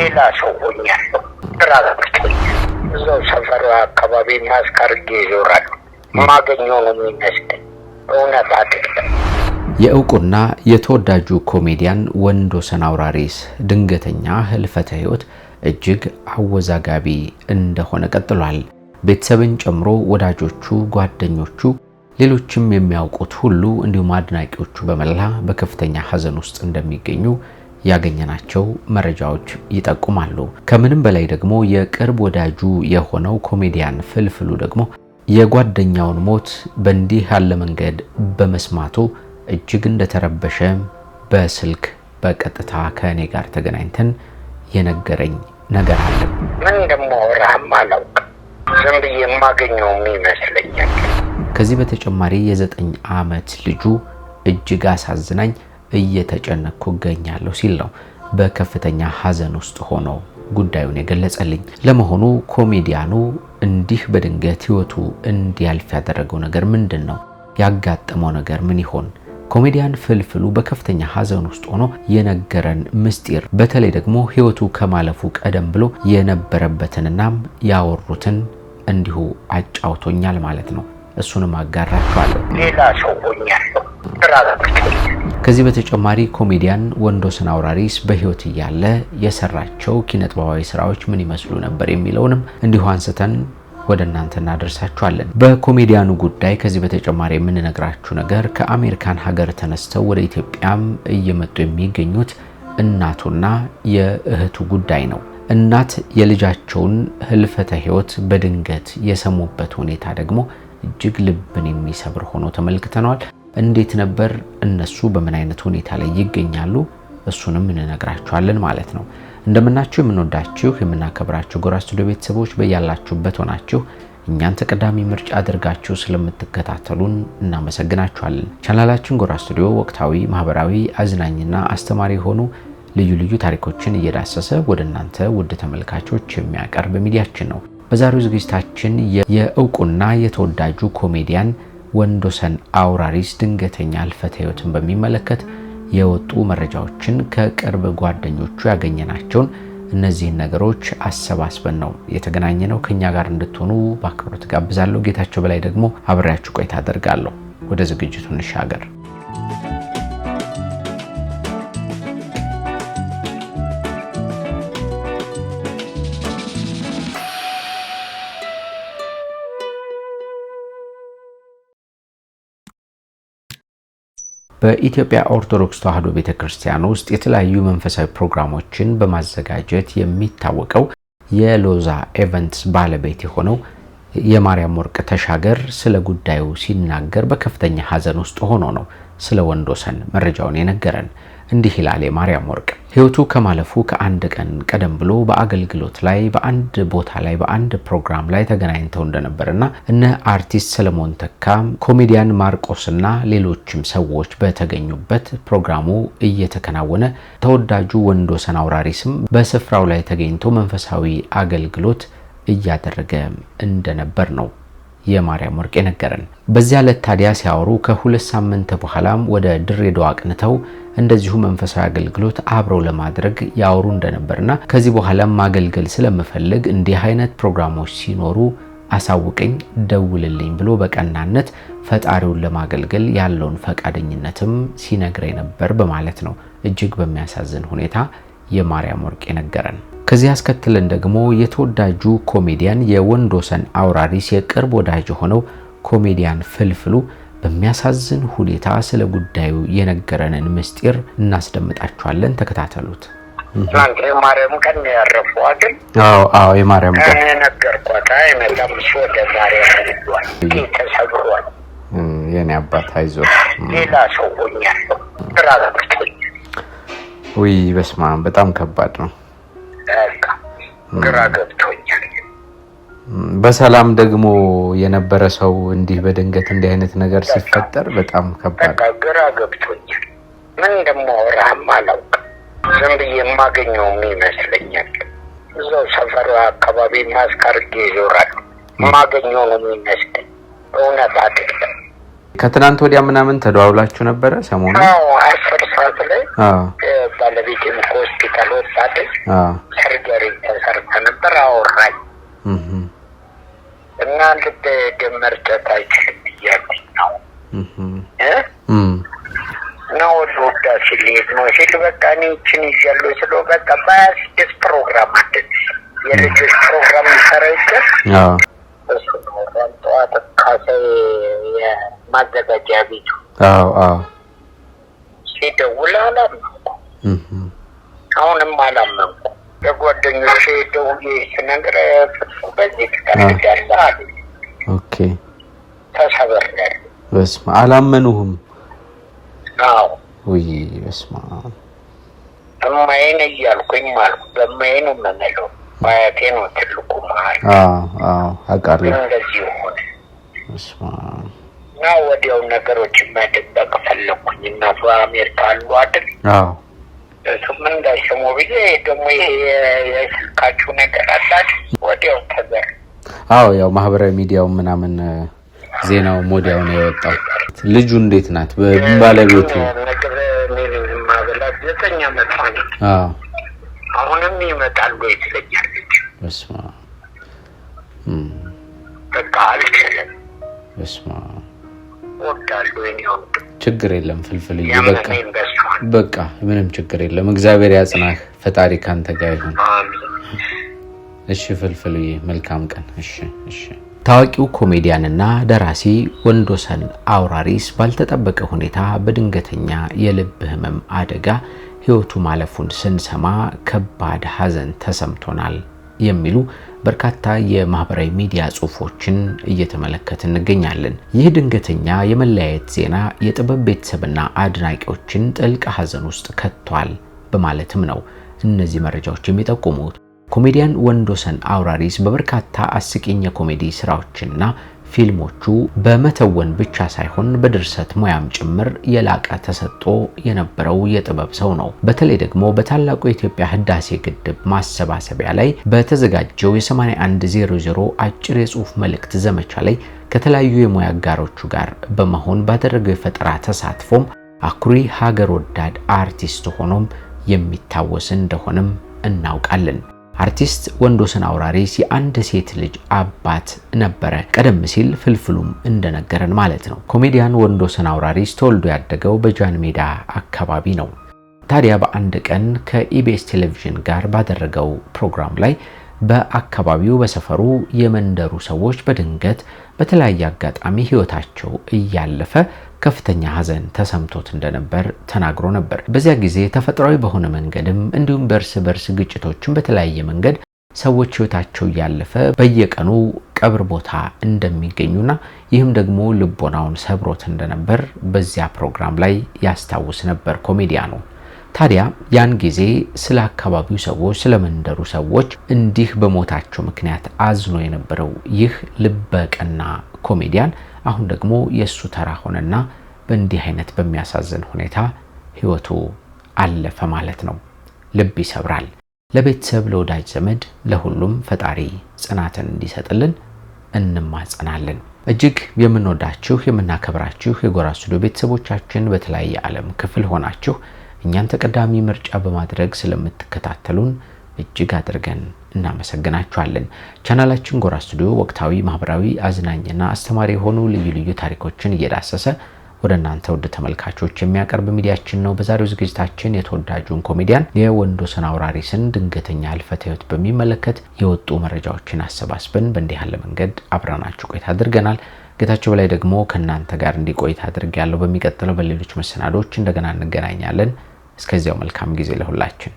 ሌላ ሰው ሆኛለሁ። ስራ እዛው ሰፈር አካባቢ ማስካርጌ ይዞራል። ማገኘው ነው የሚመስለኝ። እውነት አድርገን የእውቁና የተወዳጁ ኮሜዲያን ወንዶ አውራሪስ ድንገተኛ ህልፈተ ህይወት እጅግ አወዛጋቢ እንደሆነ ቀጥሏል። ቤተሰብን ጨምሮ ወዳጆቹ፣ ጓደኞቹ፣ ሌሎችም የሚያውቁት ሁሉ እንዲሁም አድናቂዎቹ በመላ በከፍተኛ ሀዘን ውስጥ እንደሚገኙ ያገኘናቸው መረጃዎች ይጠቁማሉ። ከምንም በላይ ደግሞ የቅርብ ወዳጁ የሆነው ኮሜዲያን ፍልፍሉ ደግሞ የጓደኛውን ሞት በእንዲህ ያለ መንገድ በመስማቱ እጅግ እንደተረበሸ በስልክ በቀጥታ ከእኔ ጋር ተገናኝተን የነገረኝ ነገር አለ። ምን እንደማወራህም አላውቅም፣ ዝም ብዬ የማገኘው ይመስለኛል። ከዚህ በተጨማሪ የዘጠኝ ዓመት ልጁ እጅግ አሳዝናኝ እየተጨነቅኩ እገኛለሁ ሲል ነው በከፍተኛ ሐዘን ውስጥ ሆኖ ጉዳዩን የገለጸልኝ። ለመሆኑ ኮሜዲያኑ እንዲህ በድንገት ህይወቱ እንዲያልፍ ያደረገው ነገር ምንድን ነው? ያጋጠመው ነገር ምን ይሆን? ኮሜዲያን ፍልፍሉ በከፍተኛ ሐዘን ውስጥ ሆኖ የነገረን ምስጢር፣ በተለይ ደግሞ ህይወቱ ከማለፉ ቀደም ብሎ የነበረበትንናም ያወሩትን እንዲሁ አጫውቶኛል ማለት ነው። እሱንም አጋራችኋለሁ። ሌላ ሰው ሆኛለሁ ከዚህ በተጨማሪ ኮሜዲያን ወንዶሰን አውራሪስ በህይወት እያለ የሰራቸው ኪነጥበባዊ ስራዎች ምን ይመስሉ ነበር የሚለውንም እንዲሁ አንስተን ወደ እናንተ እናደርሳችኋለን። በኮሜዲያኑ ጉዳይ ከዚህ በተጨማሪ የምንነግራችሁ ነገር ከአሜሪካን ሀገር ተነስተው ወደ ኢትዮጵያም እየመጡ የሚገኙት እናቱና የእህቱ ጉዳይ ነው። እናት የልጃቸውን ህልፈተ ህይወት በድንገት የሰሙበት ሁኔታ ደግሞ እጅግ ልብን የሚሰብር ሆኖ ተመልክተነዋል። እንዴት ነበር፣ እነሱ በምን አይነት ሁኔታ ላይ ይገኛሉ፣ እሱንም እንነግራችኋለን ማለት ነው። እንደምናችሁ የምንወዳችሁ የምናከብራችሁ ጎራ ስቱዲዮ ቤተሰቦች በያላችሁበት ሆናችሁ እኛን ተቀዳሚ ምርጫ አድርጋችሁ ስለምትከታተሉን እናመሰግናችኋለን። ቻናላችን ጎራ ስቱዲዮ ወቅታዊ፣ ማህበራዊ፣ አዝናኝና አስተማሪ የሆኑ ልዩ ልዩ ታሪኮችን እየዳሰሰ ወደ እናንተ ውድ ተመልካቾች የሚያቀርብ ሚዲያችን ነው። በዛሬው ዝግጅታችን የእውቁና የተወዳጁ ኮሜዲያን ወንዶሰን አውራሪስ ድንገተኛ ህልፈተ ህይወትን በሚመለከት የወጡ መረጃዎችን ከቅርብ ጓደኞቹ ያገኘናቸውን እነዚህን ነገሮች አሰባስበን ነው የተገናኘ ነው። ከእኛ ጋር እንድትሆኑ በአክብሮት ጋብዛለሁ። ጌታቸው በላይ ደግሞ አብሬያችሁ ቆይታ አደርጋለሁ። ወደ ዝግጅቱ እንሻገር። በኢትዮጵያ ኦርቶዶክስ ተዋሕዶ ቤተ ክርስቲያን ውስጥ የተለያዩ መንፈሳዊ ፕሮግራሞችን በማዘጋጀት የሚታወቀው የሎዛ ኤቨንትስ ባለቤት የሆነው የማርያም ወርቅ ተሻገር ስለ ጉዳዩ ሲናገር በከፍተኛ ሐዘን ውስጥ ሆኖ ነው ስለ ወንዶሰን መረጃውን የነገረን። እንዲህ ይላል የማርያም ወርቅ። ህይወቱ ከማለፉ ከአንድ ቀን ቀደም ብሎ በአገልግሎት ላይ በአንድ ቦታ ላይ በአንድ ፕሮግራም ላይ ተገናኝተው እንደነበርና እነ አርቲስት ሰለሞን ተካም ኮሜዲያን ማርቆስና ሌሎችም ሰዎች በተገኙበት ፕሮግራሙ እየተከናወነ ተወዳጁ ወንዶ አውራሪ ስም በስፍራው ላይ ተገኝቶ መንፈሳዊ አገልግሎት እያደረገ እንደነበር ነው የማርያም ወርቅ የነገረን። በዚያ ዕለት ታዲያ ሲያወሩ ከሁለት ሳምንት በኋላም ወደ ድሬዳዋ አቅንተው እንደዚሁ መንፈሳዊ አገልግሎት አብረው ለማድረግ ያወሩ እንደነበርና ከዚህ በኋላም ማገልገል ስለምፈልግ እንዲህ አይነት ፕሮግራሞች ሲኖሩ አሳውቀኝ፣ ደውልልኝ ብሎ በቀናነት ፈጣሪውን ለማገልገል ያለውን ፈቃደኝነትም ሲነግረኝ ነበር በማለት ነው። እጅግ በሚያሳዝን ሁኔታ የማርያም ወርቅ የነገረን። ከዚህ አስከትለን ደግሞ የተወዳጁ ኮሜዲያን የወንዶሰን አውራሪስ የቅርብ ወዳጅ የሆነው ኮሜዲያን ፍልፍሉ በሚያሳዝን ሁኔታ ስለ ጉዳዩ የነገረንን ምስጢር እናስደምጣችኋለን። ተከታተሉት። ትናንት የማርያም ቀን ነው ያረፈው የማርያም ቀን እኔ ነገርኳት። አይመጣም እሱ ወደ ማርያም ሄዷል። ተሰብሯል። የኔ አባት አይዞህ፣ ሌላ ሰው ሆኛለሁ። ራ ራገብቶኝ ውይ በስማ በጣም ከባድ ነው። ግራ ገብቶኛል። በሰላም ደግሞ የነበረ ሰው እንዲህ በድንገት እንዲህ አይነት ነገር ሲፈጠር በጣም ከባድ ነው። ግራ ገብቶኛል። ምን እንደማወራህም አላውቅም። ዝም ብዬ የማገኘውም ይመስለኛል። እዛው ሰፈር አካባቢ ማስካርጌ ይዞራል። የማገኘው ነው የሚመስለኝ። እውነት አይደለም። ከትናንት ወዲያ ምናምን ተደዋውላችሁ ነበረ? ሰሞኑ አስር ሰዓት ላይ ባለቤቴም ከሆስፒታል ሰርጀሪ ነበር። አወራኝ እና ልብ ደም መርጨት አይችልም እያለኝ ነው እና ወደ ወዳ ሊሄድ ነው ሲል በቃ እኔ ይችን ይዣለሁ ስለው በቃ በያስደስ ፕሮግራም አለ የልጆች ፕሮግራም ይሰራ ይችል ማዘጋጃ ቤቱ ሲደውል አላመንኩ። አሁንም አላመንኩ። ለጓደኞቼ ደውዬ ስነግር በዚህ ትቀዳለ አሉ። ተሰበርናል። በስመ አብ አዎ። ውይ በስመ አብ እማዬን እያልኩኝ ማለት በማዬ ነው የምምለው። አያቴ ነው ትልቁ መሀል። አዎ እንደዚህ ሆነ። እና ወዲያው ነገሮች መደበቅ ፈለግኩኝ። እናቱ አሜሪካ አሉ አይደል? እሱም እንዳይሰሙ ብዬ ደግሞ ይሄ የስልካችሁ ነገር አላት ወዲያው ተዘር። አዎ ያው ማህበራዊ ሚዲያው ምናምን ዜናው ወዲያው ነው የወጣው። ልጁ እንዴት ናት? ባለቤቱ አሁንም ይመጣል ወይ ትለኛለች። በቃ አልችልም። ችግር የለም ፍልፍልዬ፣ በቃ ምንም ችግር የለም። እግዚአብሔር ያጽናህ፣ ፈጣሪ ካንተ ጋር ይሁን። እሺ ፍልፍልዬ፣ መልካም ቀን። እሺ እሺ። ታዋቂው ኮሜዲያንና ደራሲ ወንዶሰን አውራሪስ ባልተጠበቀ ሁኔታ በድንገተኛ የልብ ህመም አደጋ ህይወቱ ማለፉን ስንሰማ ከባድ ሀዘን ተሰምቶናል። የሚሉ በርካታ የማህበራዊ ሚዲያ ጽሁፎችን እየተመለከት እንገኛለን። ይህ ድንገተኛ የመለያየት ዜና የጥበብ ቤተሰብና አድናቂዎችን ጥልቅ ሀዘን ውስጥ ከቷል በማለትም ነው እነዚህ መረጃዎች የሚጠቁሙት። ኮሜዲያን ወንዶሰን አውራሪስ በበርካታ አስቂኝ የኮሜዲ ስራዎችና ፊልሞቹ በመተወን ብቻ ሳይሆን በድርሰት ሙያም ጭምር የላቀ ተሰጥኦ የነበረው የጥበብ ሰው ነው። በተለይ ደግሞ በታላቁ የኢትዮጵያ ህዳሴ ግድብ ማሰባሰቢያ ላይ በተዘጋጀው የ8100 አጭር የጽሑፍ መልእክት ዘመቻ ላይ ከተለያዩ የሙያ አጋሮቹ ጋር በመሆን ባደረገው የፈጠራ ተሳትፎም አኩሪ ሀገር ወዳድ አርቲስት ሆኖም የሚታወስ እንደሆነም እናውቃለን። አርቲስት ወንዶሰን አውራሪስ የአንድ ሴት ልጅ አባት ነበረ። ቀደም ሲል ፍልፍሉም እንደነገረን ማለት ነው። ኮሜዲያን ወንዶሰን አውራሪስ ተወልዶ ያደገው በጃን ሜዳ አካባቢ ነው። ታዲያ በአንድ ቀን ከኢቢኤስ ቴሌቪዥን ጋር ባደረገው ፕሮግራም ላይ በአካባቢው በሰፈሩ የመንደሩ ሰዎች በድንገት በተለያየ አጋጣሚ ሕይወታቸው እያለፈ ከፍተኛ ሐዘን ተሰምቶት እንደነበር ተናግሮ ነበር። በዚያ ጊዜ ተፈጥሯዊ በሆነ መንገድም እንዲሁም በእርስ በርስ ግጭቶችን በተለያየ መንገድ ሰዎች ህይወታቸው እያለፈ በየቀኑ ቀብር ቦታ እንደሚገኙና ይህም ደግሞ ልቦናውን ሰብሮት እንደነበር በዚያ ፕሮግራም ላይ ያስታውስ ነበር ኮሜዲያኑ። ታዲያ ያን ጊዜ ስለ አካባቢው ሰዎች፣ ስለ መንደሩ ሰዎች እንዲህ በሞታቸው ምክንያት አዝኖ የነበረው ይህ ልበቀና ኮሜዲያን አሁን ደግሞ የእሱ ተራ ሆነና በእንዲህ አይነት በሚያሳዝን ሁኔታ ህይወቱ አለፈ ማለት ነው። ልብ ይሰብራል። ለቤተሰብ፣ ለወዳጅ ዘመድ፣ ለሁሉም ፈጣሪ ጽናትን እንዲሰጥልን እንማጸናለን። እጅግ የምንወዳችሁ የምናከብራችሁ የጎራ ስቱዲዮ ቤተሰቦቻችን በተለያየ ዓለም ክፍል ሆናችሁ እኛን ተቀዳሚ ምርጫ በማድረግ ስለምትከታተሉን እጅግ አድርገን እናመሰግናችኋለን። ቻናላችን ጎራ ስቱዲዮ ወቅታዊ፣ ማህበራዊ፣ አዝናኝና አስተማሪ የሆኑ ልዩ ልዩ ታሪኮችን እየዳሰሰ ወደ እናንተ ውድ ተመልካቾች የሚያቀርብ ሚዲያችን ነው። በዛሬው ዝግጅታችን የተወዳጁን ኮሜዲያን የወንዶሰን አውራሪስን ድንገተኛ ህልፈተ ህይወት በሚመለከት የወጡ መረጃዎችን አሰባስበን በእንዲህ ያለ መንገድ አብረናችሁ ቆይታ አድርገናል። ጌታቸው በላይ ደግሞ ከእናንተ ጋር እንዲቆይታ አድርግ ያለው። በሚቀጥለው በሌሎች መሰናዶች እንደገና እንገናኛለን። እስከዚያው መልካም ጊዜ ለሁላችን።